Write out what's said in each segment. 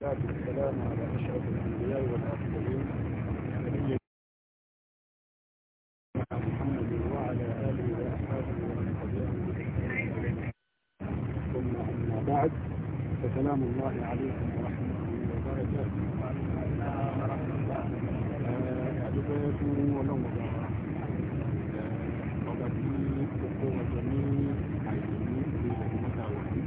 والسلام الله أشرف الأنبياء والمرسلين نبينا محمد وعلى آله وأصحابه ومن تبعهم ثم بعد فسلام الله عليكم ورحمته وبركاته أدعو فيه ولو وقد يكون جميع العلمين في المتعاونين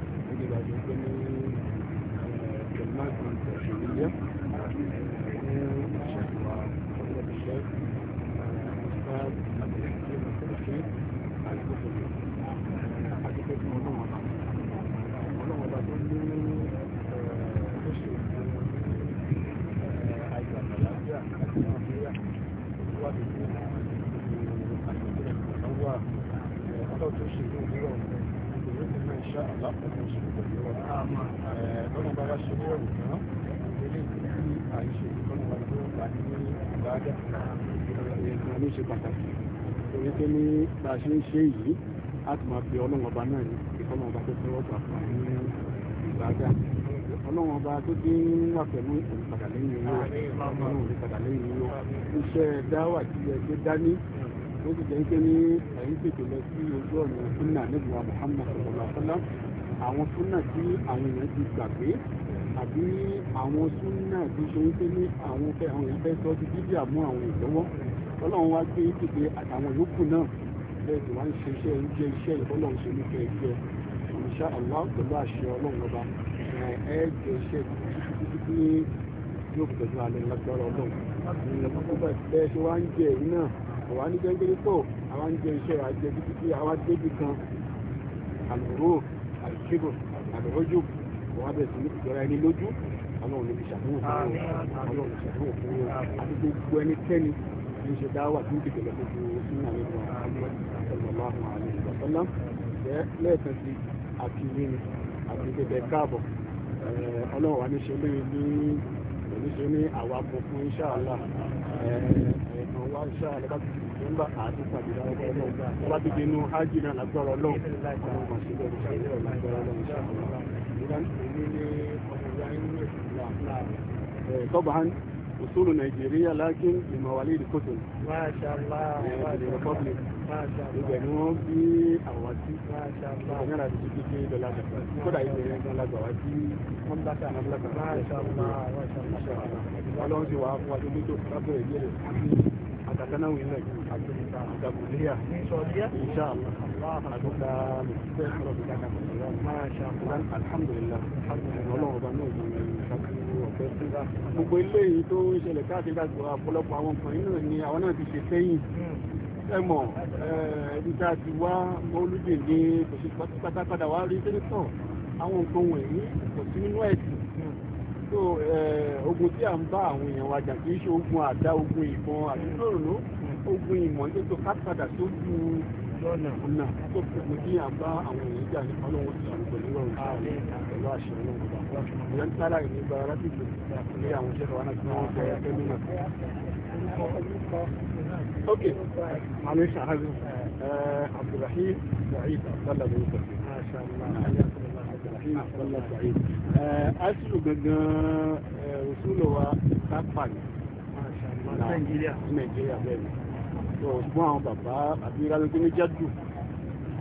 ní ṣe pàtàkì torí pé ní bá a ṣe ń ṣe yìí láti máa fi ọlọ́run ọba náà ní ìfọ́nà ọba tó tẹ́wọ́ gbà fún àwọn ní ìgbàgbà ọlọ́run ọba tó dé wà pẹ̀lú olùpadà lẹ́yìn owó ọlọ́run olùpadà lẹ́yìn owó iṣẹ́ dáwà tí ẹ gbé dání ó sì jẹ́ pé ní ẹ̀yìn tètè lọ sí ojú ọ̀nà súnà nígbà Muhammad sallallahu alaihi wasallam àwọn súnà tí àwọn èèyàn ti gbàgbé àbí àwọn súnà tó ṣe wípé ní àwọn fẹ́ àwọn èèyàn fẹ́ sọ ti dídí àmú àwọn ìlọ́wọ́ ọlọ́run wá gbé tètè àtàwọn yòókù náà bẹ́ẹ̀ tí wọ́n ń ṣe iṣẹ́ jẹ́ iṣẹ́ ìfọlọ́run ṣe ní kẹ́ẹ̀kẹ́ ìṣá àwọn pẹ̀lú àṣẹ ọlọ́run ọba ẹ jẹ́ iṣẹ́ títí tí yóò pẹ̀lú alẹ́ lágbára ọlọ́run ìrìnàmọ́ bẹ́ẹ̀ ṣe wá ń jẹ́ ìnáà kò wá ní gbẹ́ngbẹ́rẹ́ pọ̀ àwa ń jẹ iṣẹ́ àjẹ títí tí àwa débi kan àlùrò àlùkébò àlùrọ́jò kò wá bẹ̀rẹ̀ sí ní ìjọra ẹni lójú ọlọ́run níbi ṣàdúró fún wọn ọlọ́run ṣàdúró fún wọn àti gbogbo ẹnikẹ́ni ní ṣe dáwà tó ń dìbò lọ gbogbo sínú àwọn ọmọ ọlọ́run àlẹ́ ìgbàsọ́lá jẹ́ lẹ́ẹ̀kan sí àti yín àti bẹ̀bẹ̀ káàbọ̀ ọlọ́run wa ní ṣe lóyún ní nítorí àwa kò fún inṣàlá ẹ̀ẹ̀kan wá inṣàlá bá ti ti ń bá àti pàdé láwọn ọgbẹ́ náà bá ti di inú ájì náà lágbára ọlọ́run àwọn kan síbẹ̀ ní sàlẹ̀ lágbára ọlọ́run inṣàlá ìdánilẹ́ ọmọ ìyá inú ẹ̀ tọ́bà أصول نيجيرية لكن لمواليد كتل ما شاء الله ما شاء الله ما شاء الله الجنوب في أواتي ما شاء الله أنا رأيت في دولار كل أي دولار أواتي هم ذاك أنا بلاك ما شاء الله ما شاء الله ما شاء الله ولو جوا وجبت أبو يجري أتكلم وينك أتكلم إن شاء الله إن شاء الله أتكلم ما شاء الله الحمد لله الحمد لله والله ربنا gbogbo eléyìí tó ń ṣẹlẹ̀ káàkiri àgbà ọ̀pọ̀lọpọ̀ àwọn nǹkan yìí náà ni àwọn náà ti ṣe sẹ́yìn ẹmọ̀ nígbà tí wá olùdè ní kò sí pátápátá wá rí sẹ́nitọ̀ àwọn nǹkan wọ̀nyí kò sí nínú ẹ̀sìn so ogun tí à ń bá àwọn èèyàn wa jà kì í ṣe ogun àdá ogun ìbọn àdúgbò òrùnú ogun ìmọ̀ nítorí ká padà sójú lọ́nà ọ̀nà tó fi kí àbá àwọn èèyàn jà ní ọlọ́wọ́ sí àwọn pẹ̀lú ọ̀rùn ààrẹ pẹ̀lú àṣẹ ọlọ́wọ́ bá ìyẹn ń tára ìní bá ara tìbò ní àwọn iṣẹ́ wa náà tí wọ́n fẹ́ fẹ́ mímọ̀. ok àmì sàhábì abdulrahim saheed abdallah ló ń sọ sí. abdulrahim abdallah saheed asilu gangan rosulu wa kápá ní nàìjíríà bẹ́ẹ̀ ni. ọgbọ́n àwọn bàbá àbí rárígbé méjèèjì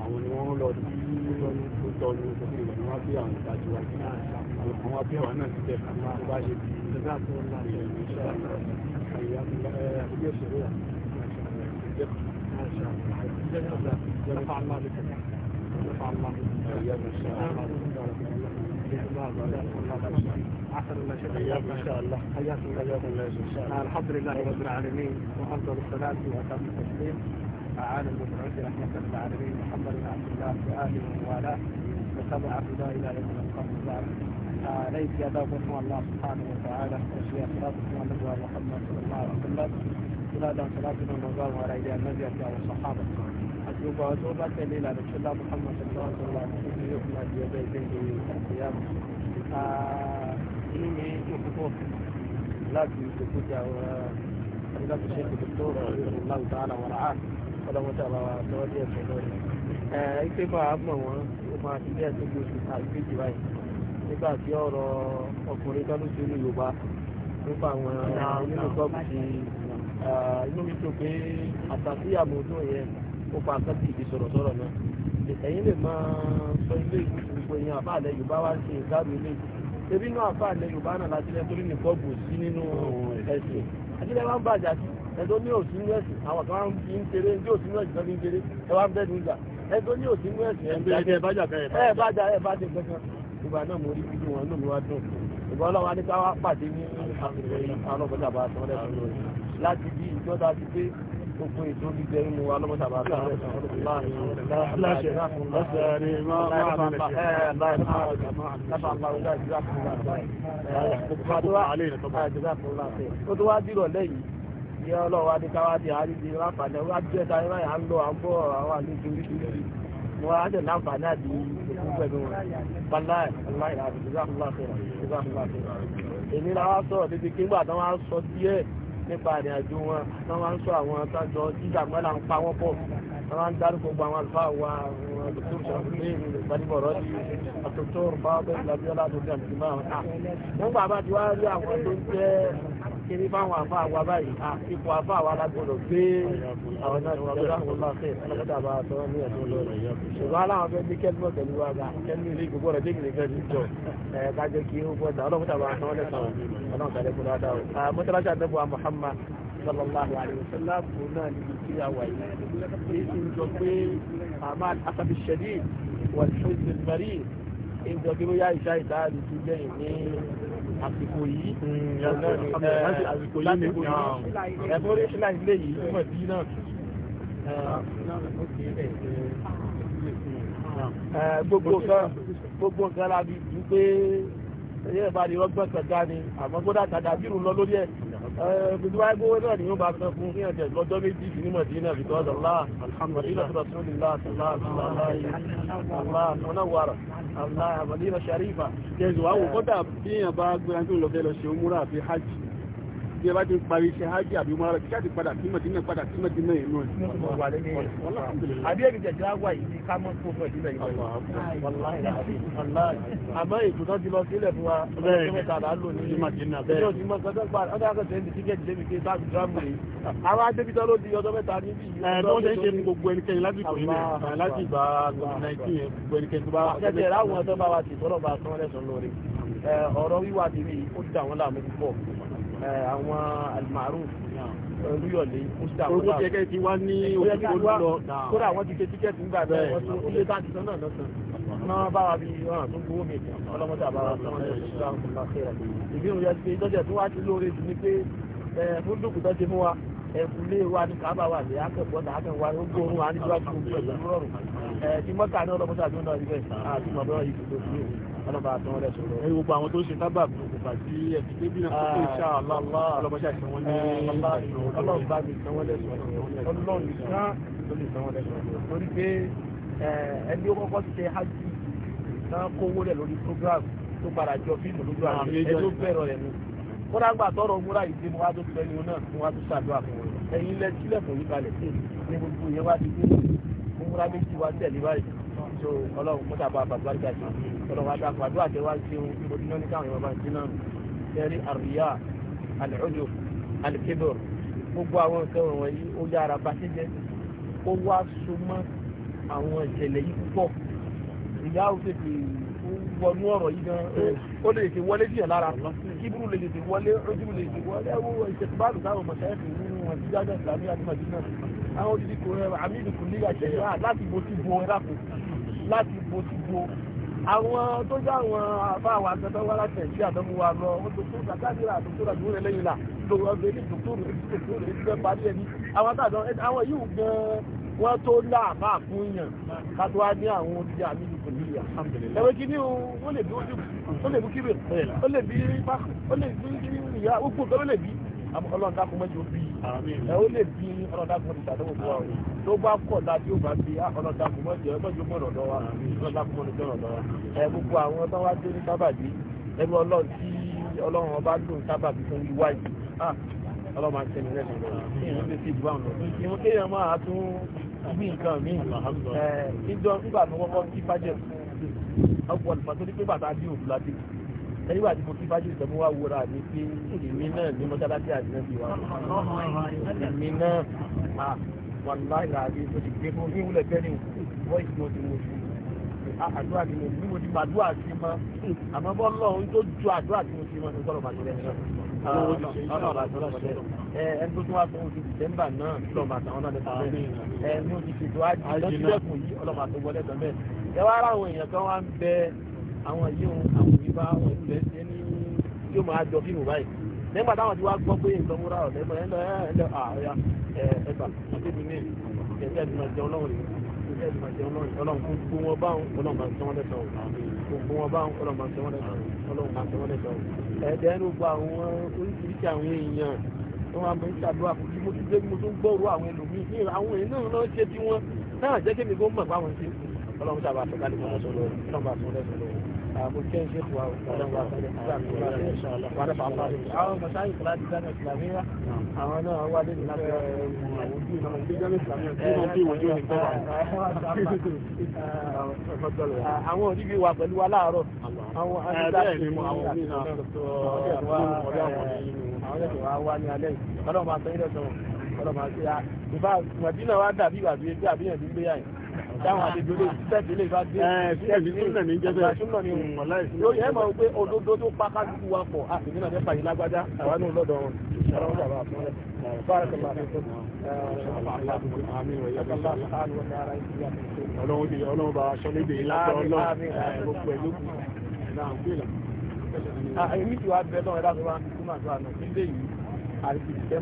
àwọn ni wọ́n lọ sí lọ́nà tó tọ́ ní oṣù ìgbà ni wọ́n bí àwọn ìdájọ́ wa sí àwọn kan wá bí àwọn náà ti tẹ̀ka máa bá ṣe bí ìjọba tó ń láàrin ẹ̀rọ iṣẹ́ àti àbíyẹ̀sọ̀rọ̀ àti ìjẹ́ الله شكرا حياكم ان شاء الله حياكم الله ان شاء الله الحمد لله رب العالمين وافضل الصلاه واتم التسليم على المبعوث رحمه للعالمين محمد بن عبد الله واله وموالاه وتبع هداه الى يوم القيامه بعد عليك يا الله سبحانه وتعالى وشيا صلاة محمد صلى الله عليه وسلم صلاه صلاتنا المباركه على ايدي النبي الصحابه àti gbogbo àwọn tí wọ́n bá tẹ̀lé ìlànà tó lábọ́ fáwọn ṣẹlẹ̀ wọn tó wà ní ìlú yóò fún àjẹ ọjọ́ ìgbẹ́ǹde àtìyàmù inú mi yóò púpọ̀ láti ìgbòkúta àwọn àdúgbò ṣe kò tó rọ̀ ìrìn láwùjọ àlàwọ̀ àá ọlọ́mọdé àbáwá lọ́wọ́ díẹ̀ tó lọ́rẹ̀ ẹ̀ ipe bá a mọ̀ wọ́n ó máa fi díẹ̀ tó gbòòsì àgbèjì báyìí nígbà tí ọ̀rọ̀ ọkùnrin tó ló ti ní ó fa nǹkan tí ìdí sọ̀rọ̀ sọ̀rọ̀ náà ẹ̀yin lè máa sọ ilé ìgbìmọ̀ èèyàn àbá àlẹ́ yorùbá wá ṣe ìgbàgbọ́ ilé ebi náà àbá àlẹ́ yorùbá náà látílẹ̀ torí nìkan bò sí nínú ẹ̀sìn àtílẹ̀ wá ń bàjá sí ẹ̀dọ́ ní òsínú ẹ̀sìn àwọn kan ń fi ń kéré ní òsínú ẹ̀sìn kan fi ń kéré ẹ wá ń bẹ́ẹ̀ nígbà ẹ̀dọ́ ní òsínú ẹ̀sìn ẹ̀ bájà ẹ̀ bájà ẹ̀ ní ká wá pàdé ní àlọ́gbọ́dà bá tán gbogbo ètò gbígbẹ́ nínú wa lọ́mọ́ta bá rí àwọn ọ̀rọ̀ ìyá ọlọ́wọ́ adékáwádé àrídé láǹfààní ọwọ́ àjẹ́ta ẹ̀rọ à ń lọ àgbọ́ àwọn àlejò oríṣiríṣi wọn á jẹ́ láǹfààní àti ìgbẹ̀kún pẹ̀lú wọn pàláì aláìláàbì ìgbàkúnláfẹ́ èmi làwọn sọ̀rọ̀ títí kí ń gbà tán wá sọ díẹ̀ nípa àrìn àjò wọn wọn wá ń sọ àwọn àtàjọ jíjà mọ́là ń pa wọ́n pọ̀ wọn wá ń darí gbogbo àwọn àlùfáà wa àwọn dókítà ṣàfihàn ìgbàdìbọ̀rọ̀ di àtòtò rúbáwọ́ bẹ́ẹ̀ labiola tó dẹ̀ nígbà wọn. wọ́n bàbá ti wá rí àwọn tó jẹ́ kiri báwọn àfa àwa báyìí ipò àfa àwa lágbọ́dọ̀ gbé àwọn náà ìwà bẹ́ẹ̀ láwọn máa fẹ́ ọlọ́kadà bá a sọ̀rọ̀ ní ẹ̀dùn lọ́rọ̀ ṣùgbọ́n aláwọn fẹ́ ní kẹ́lí mọ̀ pẹ̀lú wa kẹ́lí ilé gbogbo ọ̀rọ̀ dé kìlì fẹ́ẹ́ jọ ẹ̀ ká kí ó gbọ́dọ̀ ọlọ́kadà bá a sọ̀rọ̀ lẹ́sàn ọlọ́run kúrò dáa o mọ́tàlásí àdébò wa Muhammad sallallahu alayhi wa náà ìjọ kí bóyá ìṣá ìta lè ti jẹ́ ní àsìkò yìí hmm, àsìkò yìí ẹ̀fọ́ orí ṣílá ilé yìí túmọ̀ sí náà ah, gbogbo nǹkan la fi dùn pé ìbáraẹni ọgbọ́n kankan ni àmọ́ gbọ́dọ̀ àtàdà bírù lọ lórí ẹ̀ gbogbo wa gbogbo náà ni yóò bá san fún ní ọjọ́ ìgbọ́jọ́ méjì ní Madina because Allah Madina tó Rasulillah Allah Munawwara Allah Madina Sharifa kẹsùn àwọn kọ́dà bí èèyàn bá gbéra tó lọ fẹ́ lọ ṣe umura àbí hajj tí ẹ bá ti parí iṣẹ́ hajj àbí mọ́ra kí padà sí padà sí mọ̀tínà inú ẹ̀. àbí jẹ̀jẹ̀ á wà yìí ká mọ́ fún ọ̀dí lẹ́yìn àmọ́ ètò tán ti lọ sílẹ̀ fún wa là àwọn alimaru olúyọ̀lé mustapha orúkọ tí ẹgẹ́ ti wá ní òkúkú lọ kódà wọ́n ti ṣe tíkẹ́ẹ̀tì nígbà bẹ́ẹ̀ wọ́n tún ilé tá a lọ́sàn-án náà bá wa bí ọ̀hún tó gbowó mi ọlọ́mọdé àbára tó ń sọ ìbí òun yẹ pé lọ́jọ́ tó wá sí lóore jù ni pé fúndùkù tó ti mú wa ẹ̀kúlé wa ní kábà wà ní akẹ́kọ̀ọ́ta akẹ́kọ̀ọ́ wa gbóòórùn wa ní gbàgbọ́ pẹ̀lú rọrùn tí mọ́tà ní ọlọ́mọdé àti ọ̀nà ìbẹ̀ àti mọ̀bẹ́ ọlọ́ba àtọ́ rẹ̀ sọ̀rọ̀ ẹ gbogbo àwọn tó ṣe sábà bí òkùnfà sí ẹ̀sìn débi náà tó ah, ṣe ṣá aláàlá ọlọ́bọ̀ṣà ṣe wọ́n ní eh, ọlọ́ba mi san wọ́n lẹ́sọ̀ ọlọ́run nìkan ló lè san wọ́n lẹ́sọ̀ lórí pé eh, ẹni ó kọ́kọ́ ṣe hajj náà kówó rẹ̀ lórí program tó padà jọ fíìmù lójú àwọn ẹni tó bẹ̀rọ̀ rẹ̀ ni kódà gbà tọrọ múra yìí dé mo wá tó fi lẹ́nu náà mo wá tó ṣàdúrà fún wọn ẹ̀yin lẹ sílẹ̀ fún yín balẹ̀ sí ní gbogbo ìyẹn wá ti dé mo múra méjì wá tẹ̀lé báyìí so ọlọ́run kó sábà bàbá ìjà sí ọlọ́run adáko àdúrà tẹ wá sí o ní wọn ní káwọn ìwọ̀n bá ń sí náà tẹ́rí àríyá àlẹ́ọ̀dọ̀ àlẹ́kẹ́dọ̀ gbogbo àwọn nǹkan wọ̀nyí ó yára bá ṣẹ́jẹ́ ó wá súnmọ́ àwọn ìṣẹ̀lẹ̀ yìí púpọ̀ ìyá ó tètè wọnú ọ̀rọ̀ yìí gan ó lè tètè wọlé díẹ̀ lára kíburu lè tètè wọlé ojúbu lè tètè wọlé ẹwọ ìṣètùbáàlù táwọn mọ̀ṣẹ́ ẹ̀sìn nínú wọn ti dájọ́ ìsìlámì àti màdínà àwọn òdìdí kò rẹ̀ àmì ìdìkú nígbà ṣẹ̀yà láti bo ti bo ẹ̀rá kù láti bo ti bo àwọn tó jẹ́ àwọn àbá àwọn akẹ́kọ̀ọ́ wá láti ẹ̀ṣẹ́ àdánwò wa lọ wọ́n tó fún kàkàdìrà àdókò rà lórí ẹlẹ́yìn là lórí ọgbẹ́ ní dòkòrò ní dòkòrò ní fẹ́ parí ẹni àwọn àtàdán àwọn yìí gan-an wọ́n tó lá àbá fún yàn kátó wá ní àwọn oúnjẹ àmì ìpínlẹ̀ yà. ẹ̀wẹ̀ kí ni o ó lè bí ó lè bí kíbe ó lè bí ìyá ó o ó lè bí ọlọ́run dákun mẹ́jọ bí ẹ ó lè bí ọlọ́run dákun ti sàdéhùn fún wa o tó bá kọ̀ láti ó bá bí ah, ọlọ́run dákun mẹ́jọ mẹ́jọ mọ̀ lọ́dọ̀ wa ọlọ́run dákun mọ̀ lọ́dọ̀ wa ẹ gbogbo àwọn tó wá dé ní sábàbí ẹnu ọlọ́run tí ọlọ́run ọba lòun sábàbí fún wíwá yìí ah, ọlọ́run máa ń tẹ̀lé rẹ̀ lọ́wọ́ ìrìn lè ti dùn àwọn ìrìn kéèyàn máa tún gbí nǹkan míì ìjọ nígbà tó kọ́kọ́ kí fájẹ̀ ọ̀pọ̀ ìgbà tó ní pé bàtà dé òkú láti ẹni wà tí mo kí fájú ìtọ́mú wá wúra mi pé èmi náà ní mọ́sálásí àdínábì wa èmi náà wà láìla àbí tó ti gbé fún mi wúlẹ̀ tẹ́lẹ̀ voice note mo fi àdúrà tí mo fi mo ti gbàdúrà sí mọ́ àmọ́ bọ́ lọ́hún tó ju àdúrà tí mo fi mọ́ ní sọ̀rọ̀ bàtí rẹ̀ ẹni tó tún wá fún oṣù dìsẹ́mbà náà lọ́mọ àtàwọn náà lẹ́tọ̀ọ́ bẹ́ẹ̀ ẹni oṣù tètò ajé lọ́sílẹ̀kùn yìí ọlọ́mọ àtàwọn àwọn yìí àwọn òbí bá wọn ìlẹ̀ ṣe ní yóò máa jọ fíìmù báyìí nígbà táwọn ti wá gbọ́ pé nǹkan múra ọ̀ lẹ́gbọ́n ẹ̀ lọ ẹ̀ lọ àárẹ̀ ẹ̀bà àtẹ́bí ní ẹ̀jẹ̀ ti máa jẹ ọlọ́run ẹ̀jẹ̀ ti máa jẹ ọlọ́run ọlọ́run gbogbo wọn báwọn ọlọ́run máa tẹ wọ́n lẹ́sọ̀ gbogbo wọn báwọn ọlọ́run máa tẹ wọ́n lẹ́sọ̀ ọlọ́run máa tẹ wọ́n lẹ́sọ̀ ẹ̀jẹ̀ ń gba àwọn oríṣiríṣi àwọn èèyàn wọn máa ń ṣàdúrà fún mo ti dé mo tún gbọ́rọ̀ àwọn ẹlòmíín àwọn èèyàn náà lọ́ọ́ ṣe tí ọlọ́run ọlọ́run bá مكان شيخ ورفع الله بك او مشايخ بلاد الجامعه الاسلاميه او انا هو دي الجامعه الاسلاميه في وجوه طبعا àwọn òdíbi wà pẹ̀lú wa láàárọ̀ àwọn àdìsá ìlú àwọn mìíràn táwọn àlejò lè sẹ́ẹ̀dì lè bá dé. ẹ sẹ́ẹ̀dì súnà ní jẹ́ bẹ́ẹ̀ súnà ní ọ̀la ìsúná. lórí ẹ̀ máa ń pé òdodo tó pa kálukú wa pọ̀ a sì ní nàdẹ́ fàyè lágbájá àwa ní ọlọ́dọ̀ wọn. sàrọ̀ bàbá àfọlẹ́ bára kẹlẹ́ àfẹ́sọ́. ọlọ́run ti ọlọ́run bá aṣọ lédè látọ̀ ọlọ́run pẹ̀lú. èmi ti wá bẹ́ẹ̀ lọ́wọ́ ẹ̀dá tó máa ń túmọ̀ àdúrà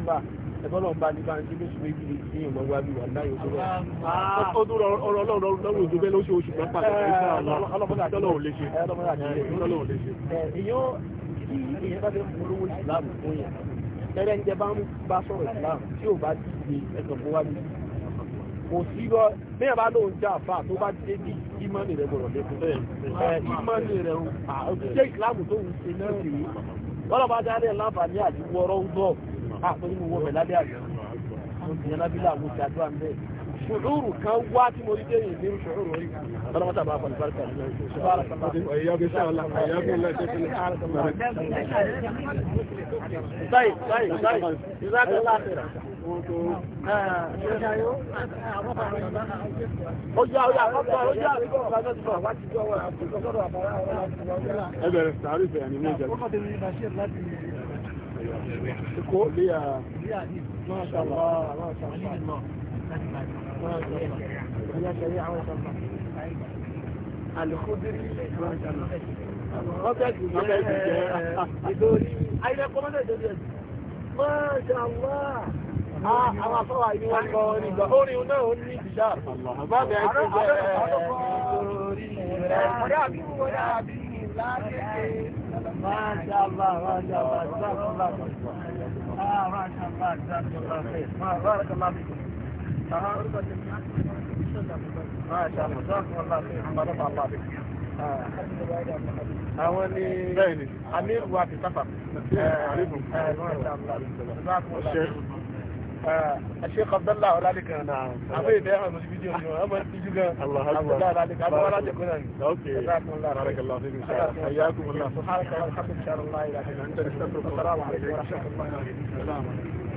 náà ẹgbọ́nà bá ní báńkì lóṣù méjì ní ìyẹn ọmọ wa bí wà láyé ojú rẹ̀ ó dúró ọ̀rọ̀ ọlọ́run lọ́rùn ojú bẹ́ẹ̀ lóṣù oṣù kan pàtàkì ọlọ́run ò lè ṣe ọlọ́run ò lè ṣe. èyàn tí èyàn bá fẹ́ polówó ìsìláàmù fún yẹn tẹ́lẹ̀ ń jẹ́ bá ń bá sọ̀rọ̀ ìsìláàmù tí ò bá ti gbé ẹ̀sọ̀ fún wájú kò sí lọ bẹ́ẹ̀ bá lóun já àfà tó bá dé bí ìmọ̀nì rẹ̀ gbọ́dọ̀ lẹ́kùn ìmọ̀nì rẹ̀ jẹ́ ìsìláàmù tó ń ṣe náà rèé wọ́n lọ́ bá dáadé láǹfààní àti wọ́ọ́rọ́ ń bọ̀ àpẹẹrẹ mo wọ bẹ̀ lábẹ́ àgbẹ̀ ìyẹn lábílà àwọn ti àdúrà mbẹ́ ṣùúrù kan wá tí mo rí dé yìí ní ṣùúrù rí ọlọ́mọta bá fọ́n ìbárikà ní Ẹgbẹ̀rẹ̀ sàárì fẹ̀ ni mú jẹ́. Èkó lè à máa ṣàlá àwọn ṣàlá. Àlùkúdírí máa ṣàlá. Ọ́bẹ̀dì jẹ́ ìdórí. Ayẹ́ kọ́mọ́dé ìdórí ẹ̀dì. Máa ṣàlá. Àwọn afọ́wà yìí wọ́n kọ́ nígbà orin náà ó ní ìṣà. Bàbá mi àti ìjẹ́ ẹ̀ẹ́ شاء الله ما شاء الله جزاكم الله خير ما شاء الله جزاكم الله خير بارك الله فيكم ما شاء الله جزاكم الله خير ما رضى الله بكم àwọn ni amir wa ti sáfà. ẹ ẹ ẹ ẹ ẹ ẹ ẹ ẹ ẹ ẹ ẹ ẹ ẹ ẹ آه، الشيخ عبد الله ولادك نعم ابي بيعمل الفيديو اليوم اما تجيك الله اكبر لا لك ابو ولادك اوكي بارك الله فيك ان شاء الله حياكم الله سبحانك اللهم ان شاء الله لا اله الا انت عليكم ورحمه الله وبركاته